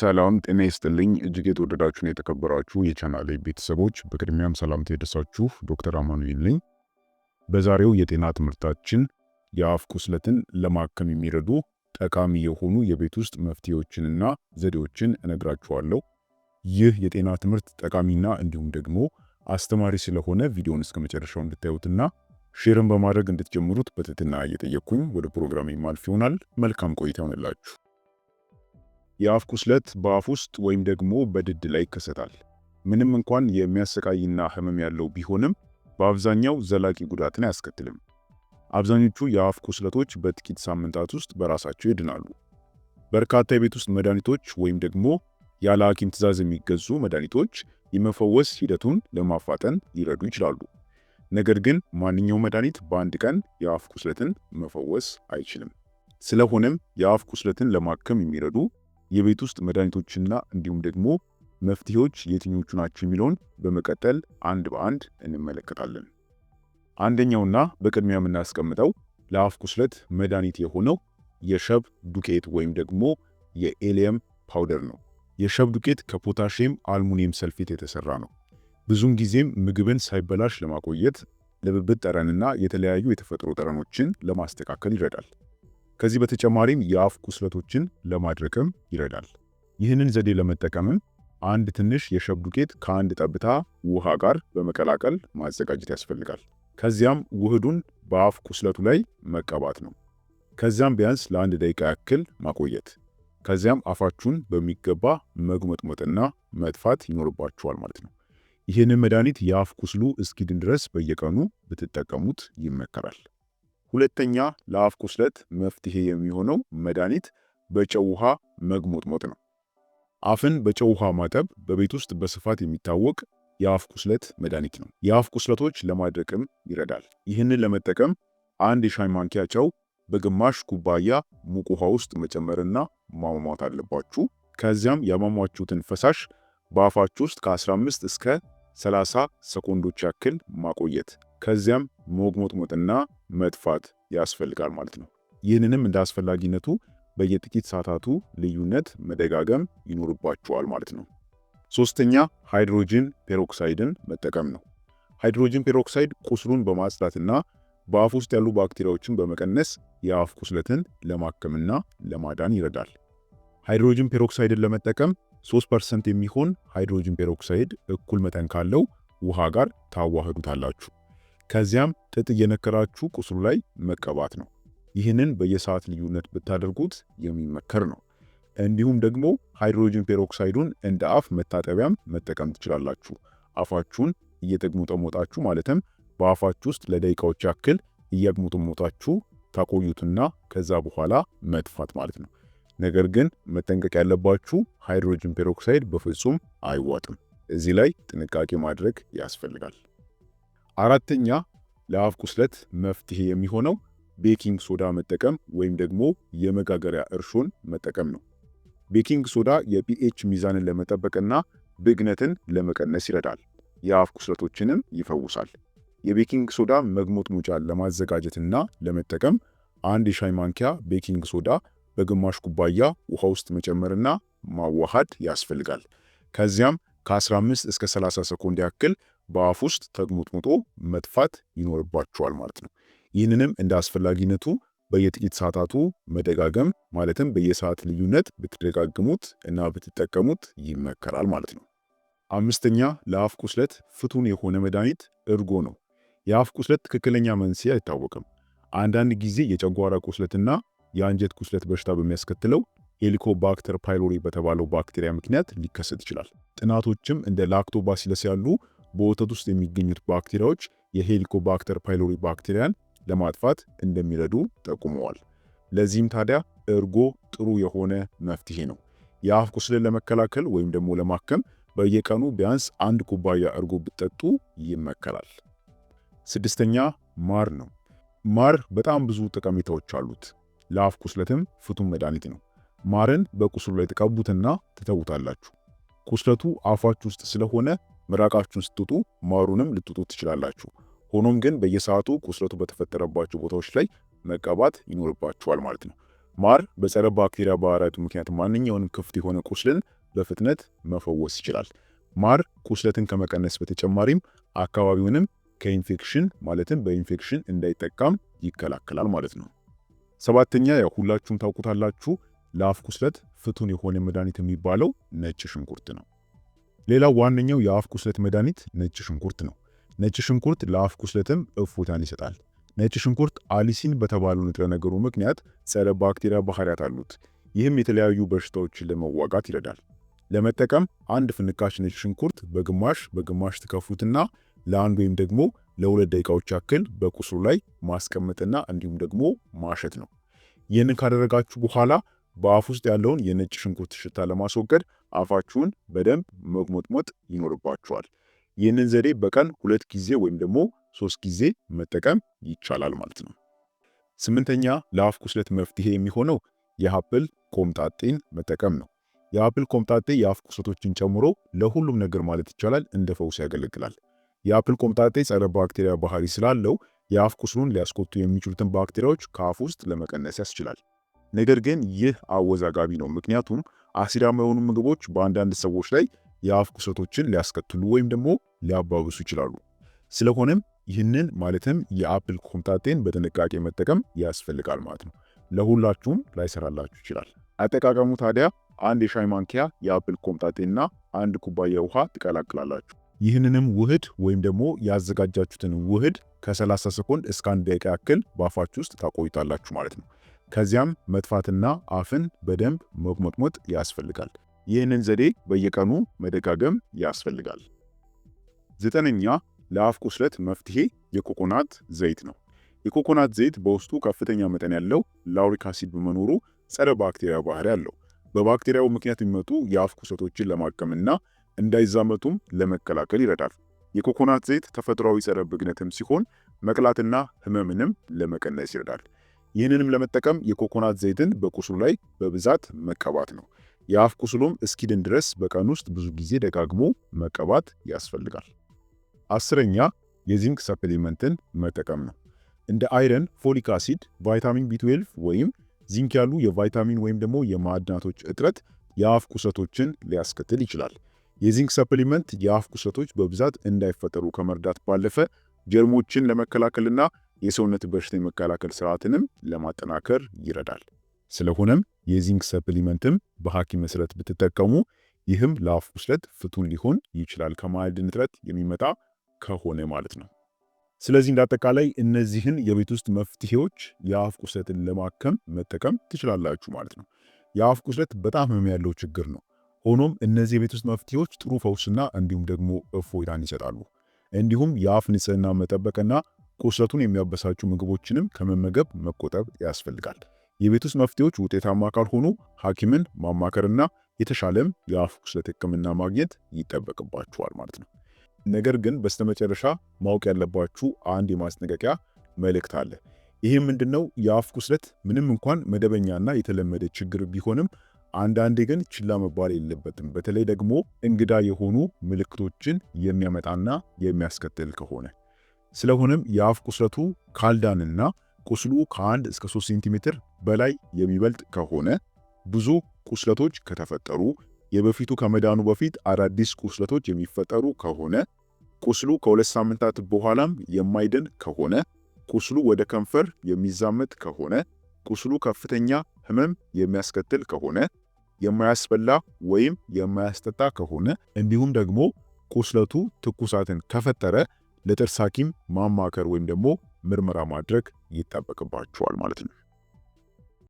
ሰላም ጤና ይስጥልኝ እጅግ የተወደዳችሁን የተከበራችሁ የቻናሌ ቤተሰቦች፣ በቅድሚያም ሰላምታ ይድረሳችሁ። ዶክተር አማኑኤል ነኝ። በዛሬው የጤና ትምህርታችን የአፍ ቁስለትን ለማከም የሚረዱ ጠቃሚ የሆኑ የቤት ውስጥ መፍትሄዎችንና ዘዴዎችን እነግራችኋለሁ። ይህ የጤና ትምህርት ጠቃሚና እንዲሁም ደግሞ አስተማሪ ስለሆነ ቪዲዮን እስከ መጨረሻው እንድታዩትና ሼርን በማድረግ እንድትጀምሩት በትህትና እየጠየቅኩኝ ወደ ፕሮግራም የማልፍ ይሆናል። መልካም ቆይታ ይሆንላችሁ። የአፍ ቁስለት በአፍ ውስጥ ወይም ደግሞ በድድ ላይ ይከሰታል። ምንም እንኳን የሚያሰቃይና ህመም ያለው ቢሆንም በአብዛኛው ዘላቂ ጉዳትን አያስከትልም። አብዛኞቹ የአፍ ቁስለቶች በጥቂት ሳምንታት ውስጥ በራሳቸው ይድናሉ። በርካታ የቤት ውስጥ መድኃኒቶች ወይም ደግሞ ያለ ሐኪም ትዕዛዝ የሚገዙ መድኃኒቶች የመፈወስ ሂደቱን ለማፋጠን ሊረዱ ይችላሉ። ነገር ግን ማንኛውም መድኃኒት በአንድ ቀን የአፍ ቁስለትን መፈወስ አይችልም። ስለሆነም የአፍ ቁስለትን ለማከም የሚረዱ የቤት ውስጥ መድኃኒቶችና እንዲሁም ደግሞ መፍትሄዎች የትኞቹ ናቸው የሚለውን በመቀጠል አንድ በአንድ እንመለከታለን። አንደኛውና በቅድሚያ የምናስቀምጠው ለአፍ ቁስለት መድኃኒት የሆነው የሸብ ዱቄት ወይም ደግሞ የኤሊየም ፓውደር ነው። የሸብ ዱቄት ከፖታሽየም አልሙኒየም ሰልፌት የተሰራ ነው። ብዙውን ጊዜም ምግብን ሳይበላሽ ለማቆየት ለብብት ጠረንና የተለያዩ የተፈጥሮ ጠረኖችን ለማስተካከል ይረዳል። ከዚህ በተጨማሪም የአፍ ቁስለቶችን ለማድረቅም ይረዳል። ይህንን ዘዴ ለመጠቀምም አንድ ትንሽ የሸብ ዱቄት ከአንድ ጠብታ ውሃ ጋር በመቀላቀል ማዘጋጀት ያስፈልጋል። ከዚያም ውህዱን በአፍ ቁስለቱ ላይ መቀባት ነው። ከዚያም ቢያንስ ለአንድ ደቂቃ ያክል ማቆየት፣ ከዚያም አፋችሁን በሚገባ መጉመጥመጥና መጥፋት ይኖርባችኋል ማለት ነው። ይህንን መድኃኒት የአፍ ቁስሉ እስኪድን ድረስ በየቀኑ ብትጠቀሙት ይመከራል። ሁለተኛ ለአፍ ቁስለት መፍትሄ የሚሆነው መድኃኒት በጨው ውሃ መግሞጥሞጥ ነው። አፍን በጨው ውሃ ማጠብ በቤት ውስጥ በስፋት የሚታወቅ የአፍ ቁስለት መድኃኒት ነው። የአፍ ቁስለቶች ለማድረቅም ይረዳል። ይህንን ለመጠቀም አንድ የሻይ ማንኪያ ጨው በግማሽ ኩባያ ሙቅ ውሃ ውስጥ መጨመርና ማሟሟት አለባችሁ። ከዚያም ያሟሟችሁትን ፈሳሽ በአፋችሁ ውስጥ ከ15 እስከ 30 ሰኮንዶች ያክል ማቆየት ከዚያም መግሞጥሞጥና መጥፋት ያስፈልጋል ማለት ነው። ይህንንም እንደ አስፈላጊነቱ በየጥቂት ሰዓታቱ ልዩነት መደጋገም ይኖርባቸዋል ማለት ነው። ሶስተኛ ሃይድሮጅን ፔሮክሳይድን መጠቀም ነው። ሃይድሮጅን ፔሮክሳይድ ቁስሉን በማጽዳትና በአፍ ውስጥ ያሉ ባክቴሪያዎችን በመቀነስ የአፍ ቁስለትን ለማከምና ለማዳን ይረዳል። ሃይድሮጂን ፔሮክሳይድን ለመጠቀም 3% የሚሆን ሃይድሮጅን ፔሮክሳይድ እኩል መጠን ካለው ውሃ ጋር ታዋህዱታላችሁ። ከዚያም ጥጥ እየነከራችሁ ቁስሉ ላይ መቀባት ነው። ይህንን በየሰዓት ልዩነት ብታደርጉት የሚመከር ነው። እንዲሁም ደግሞ ሃይድሮጂን ፔሮክሳይዱን እንደ አፍ መታጠቢያም መጠቀም ትችላላችሁ። አፋችሁን እየጠግሙጠሞጣችሁ ማለትም በአፋችሁ ውስጥ ለደቂቃዎች ያክል እያግሙጠሞጣችሁ ታቆዩትና ከዛ በኋላ መጥፋት ማለት ነው። ነገር ግን መጠንቀቅ ያለባችሁ ሃይድሮጂን ፔሮክሳይድ በፍጹም አይዋጥም። እዚህ ላይ ጥንቃቄ ማድረግ ያስፈልጋል። አራተኛ ለአፍ ቁስለት መፍትሄ የሚሆነው ቤኪንግ ሶዳ መጠቀም ወይም ደግሞ የመጋገሪያ እርሾን መጠቀም ነው። ቤኪንግ ሶዳ የፒኤች ሚዛንን ለመጠበቅና ብግነትን ለመቀነስ ይረዳል። የአፍ ቁስለቶችንም ይፈውሳል። የቤኪንግ ሶዳ መግሞጥሞጫን ለማዘጋጀትና ለመጠቀም አንድ የሻይ ማንኪያ ቤኪንግ ሶዳ በግማሽ ኩባያ ውሃ ውስጥ መጨመርና ማዋሃድ ያስፈልጋል። ከዚያም ከ15 እስከ 30 ሰኮንድ ያክል በአፍ ውስጥ ተግሞጥሙጦ መጥፋት ይኖርባቸዋል ማለት ነው። ይህንንም እንደ አስፈላጊነቱ በየጥቂት ሰዓታቱ መደጋገም ማለትም በየሰዓት ልዩነት ብትደጋግሙት እና ብትጠቀሙት ይመከራል ማለት ነው። አምስተኛ ለአፍ ቁስለት ፍቱን የሆነ መድኃኒት እርጎ ነው። የአፍ ቁስለት ትክክለኛ መንስኤ አይታወቅም። አንዳንድ ጊዜ የጨጓራ ቁስለትና የአንጀት ቁስለት በሽታ በሚያስከትለው ሄሊኮባክተር ፓይሎሪ በተባለው ባክቴሪያ ምክንያት ሊከሰት ይችላል። ጥናቶችም እንደ ላክቶባሲለስ ያሉ በወተት ውስጥ የሚገኙት ባክቴሪያዎች የሄሊኮባክተር ፓይሎሪ ባክቴሪያን ለማጥፋት እንደሚረዱ ጠቁመዋል። ለዚህም ታዲያ እርጎ ጥሩ የሆነ መፍትሄ ነው። የአፍ ቁስልን ለመከላከል ወይም ደግሞ ለማከም በየቀኑ ቢያንስ አንድ ኩባያ እርጎ ብጠጡ ይመከራል። ስድስተኛ ማር ነው። ማር በጣም ብዙ ጠቀሜታዎች አሉት። ለአፍ ቁስለትም ፍቱን መድኃኒት ነው። ማርን በቁስሉ ላይ ተቀቡትና ትተውታላችሁ። ቁስለቱ አፋችሁ ውስጥ ስለሆነ ምራቃችሁን ስትውጡ ማሩንም ልትውጡ ትችላላችሁ። ሆኖም ግን በየሰዓቱ ቁስለቱ በተፈጠረባቸው ቦታዎች ላይ መቀባት ይኖርባችኋል ማለት ነው። ማር በጸረ ባክቴሪያ ባህሪያቱ ምክንያት ማንኛውንም ክፍት የሆነ ቁስልን በፍጥነት መፈወስ ይችላል። ማር ቁስለትን ከመቀነስ በተጨማሪም አካባቢውንም ከኢንፌክሽን ማለትም በኢንፌክሽን እንዳይጠቃም ይከላከላል ማለት ነው። ሰባተኛ ያው ሁላችሁም ታውቁታላችሁ ለአፍ ቁስለት ፍቱን የሆነ መድኃኒት የሚባለው ነጭ ሽንኩርት ነው። ሌላው ዋነኛው የአፍ ቁስለት መድኃኒት ነጭ ሽንኩርት ነው። ነጭ ሽንኩርት ለአፍ ቁስለትም እፎታን ይሰጣል። ነጭ ሽንኩርት አሊሲን በተባለው ንጥረ ነገሩ ምክንያት ጸረ ባክቴሪያ ባህሪያት አሉት። ይህም የተለያዩ በሽታዎችን ለመዋጋት ይረዳል። ለመጠቀም አንድ ፍንካች ነጭ ሽንኩርት በግማሽ በግማሽ ትከፍሉትና ለአንድ ወይም ደግሞ ለሁለት ደቂቃዎች ያክል በቁስሉ ላይ ማስቀመጥና እንዲሁም ደግሞ ማሸት ነው። ይህንን ካደረጋችሁ በኋላ በአፍ ውስጥ ያለውን የነጭ ሽንኩርት ሽታ ለማስወገድ አፋችሁን በደንብ መቅሞጥሞጥ ይኖርባችኋል። ይህንን ዘዴ በቀን ሁለት ጊዜ ወይም ደግሞ ሶስት ጊዜ መጠቀም ይቻላል ማለት ነው። ስምንተኛ ለአፍ ቁስለት መፍትሄ የሚሆነው የአፕል ኮምጣጤን መጠቀም ነው። የአፕል ኮምጣጤ የአፍ ቁስለቶችን ጨምሮ ለሁሉም ነገር ማለት ይቻላል እንደ ፈውስ ያገለግላል። የአፕል ቆምጣጤ ጸረ ባክቴሪያ ባህሪ ስላለው የአፍ ቁስሉን ሊያስቆጡ የሚችሉትን ባክቴሪያዎች ከአፍ ውስጥ ለመቀነስ ያስችላል። ነገር ግን ይህ አወዛጋቢ ነው። ምክንያቱም አሲዳማ የሆኑ ምግቦች በአንዳንድ ሰዎች ላይ የአፍ ቁሰቶችን ሊያስከትሉ ወይም ደግሞ ሊያባብሱ ይችላሉ። ስለሆነም ይህንን ማለትም የአፕል ኮምጣጤን በጥንቃቄ መጠቀም ያስፈልጋል ማለት ነው። ለሁላችሁም ላይሰራላችሁ ይችላል። አጠቃቀሙ ታዲያ አንድ የሻይ ማንኪያ የአፕል ኮምጣጤና አንድ ኩባያ ውሃ ትቀላቅላላችሁ። ይህንንም ውህድ ወይም ደግሞ ያዘጋጃችሁትን ውህድ ከ30 ሰኮንድ እስከ አንድ ደቂቃ ያክል በአፋችሁ ውስጥ ታቆይታላችሁ ማለት ነው። ከዚያም መጥፋትና አፍን በደንብ መቁመጥሞጥ ያስፈልጋል። ይህንን ዘዴ በየቀኑ መደጋገም ያስፈልጋል። ዘጠነኛ ለአፍ ቁስለት መፍትሄ የኮኮናት ዘይት ነው። የኮኮናት ዘይት በውስጡ ከፍተኛ መጠን ያለው ላውሪክ አሲድ በመኖሩ ጸረ ባክቴሪያ ባህሪ አለው። በባክቴሪያው ምክንያት የሚመጡ የአፍ ቁስለቶችን ለማከምና እንዳይዛመቱም ለመከላከል ይረዳል። የኮኮናት ዘይት ተፈጥሯዊ ጸረ ብግነትም ሲሆን መቅላትና ህመምንም ለመቀነስ ይረዳል። ይህንንም ለመጠቀም የኮኮናት ዘይትን በቁስሉ ላይ በብዛት መቀባት ነው። የአፍ ቁስሉም እስኪድን ድረስ በቀን ውስጥ ብዙ ጊዜ ደጋግሞ መቀባት ያስፈልጋል። አስረኛ የዚንክ ሰፕሊመንትን መጠቀም ነው። እንደ አይረን፣ ፎሊክ አሲድ፣ ቫይታሚን ቢ12 ወይም ዚንክ ያሉ የቫይታሚን ወይም ደግሞ የማዕድናቶች እጥረት የአፍ ቁሰቶችን ሊያስከትል ይችላል። የዚንክ ሰፕሊመንት የአፍ ቁሰቶች በብዛት እንዳይፈጠሩ ከመርዳት ባለፈ ጀርሞችን ለመከላከልና የሰውነት በሽታ የመከላከል ስርዓትንም ለማጠናከር ይረዳል። ስለሆነም የዚንክ ሰፕሊመንትም በሐኪም መሰረት ብትጠቀሙ ይህም ለአፍ ቁስለት ፍቱን ሊሆን ይችላል ከማዕድን እጥረት የሚመጣ ከሆነ ማለት ነው። ስለዚህ እንዳጠቃላይ እነዚህን የቤት ውስጥ መፍትሄዎች የአፍ ቁስለትን ለማከም መጠቀም ትችላላችሁ ማለት ነው። የአፍ ቁስለት በጣም ህመም ያለው ችግር ነው። ሆኖም እነዚህ የቤት ውስጥ መፍትሄዎች ጥሩ ፈውስና እንዲሁም ደግሞ እፎይታን ይሰጣሉ። እንዲሁም የአፍ ንጽህና መጠበቅና ቁስለቱን የሚያበሳጩ ምግቦችንም ከመመገብ መቆጠብ ያስፈልጋል። የቤት ውስጥ መፍትሄዎች ውጤታማ ካልሆኑ ሐኪምን ማማከርና የተሻለም የአፍ ቁስለት ሕክምና ማግኘት ይጠበቅባችኋል ማለት ነው። ነገር ግን በስተመጨረሻ ማወቅ ያለባችሁ አንድ የማስጠንቀቂያ መልእክት አለ። ይህም ምንድነው? የአፍ ቁስለት ምንም እንኳን መደበኛና የተለመደ ችግር ቢሆንም አንዳንዴ ግን ችላ መባል የለበትም። በተለይ ደግሞ እንግዳ የሆኑ ምልክቶችን የሚያመጣና የሚያስከትል ከሆነ ስለሆነም የአፍ ቁስለቱ ካልዳንና ቁስሉ ከአንድ እስከ 3 ሴንቲሜትር በላይ የሚበልጥ ከሆነ ብዙ ቁስለቶች ከተፈጠሩ የበፊቱ ከመዳኑ በፊት አዳዲስ ቁስለቶች የሚፈጠሩ ከሆነ ቁስሉ ከሁለት ሳምንታት በኋላም የማይድን ከሆነ ቁስሉ ወደ ከንፈር የሚዛመት ከሆነ ቁስሉ ከፍተኛ ህመም የሚያስከትል ከሆነ የማያስበላ ወይም የማያስጠጣ ከሆነ እንዲሁም ደግሞ ቁስለቱ ትኩሳትን ከፈጠረ ለጥርስ ሐኪም ማማከር ወይም ደግሞ ምርመራ ማድረግ ይጠበቅባቸዋል ማለት ነው።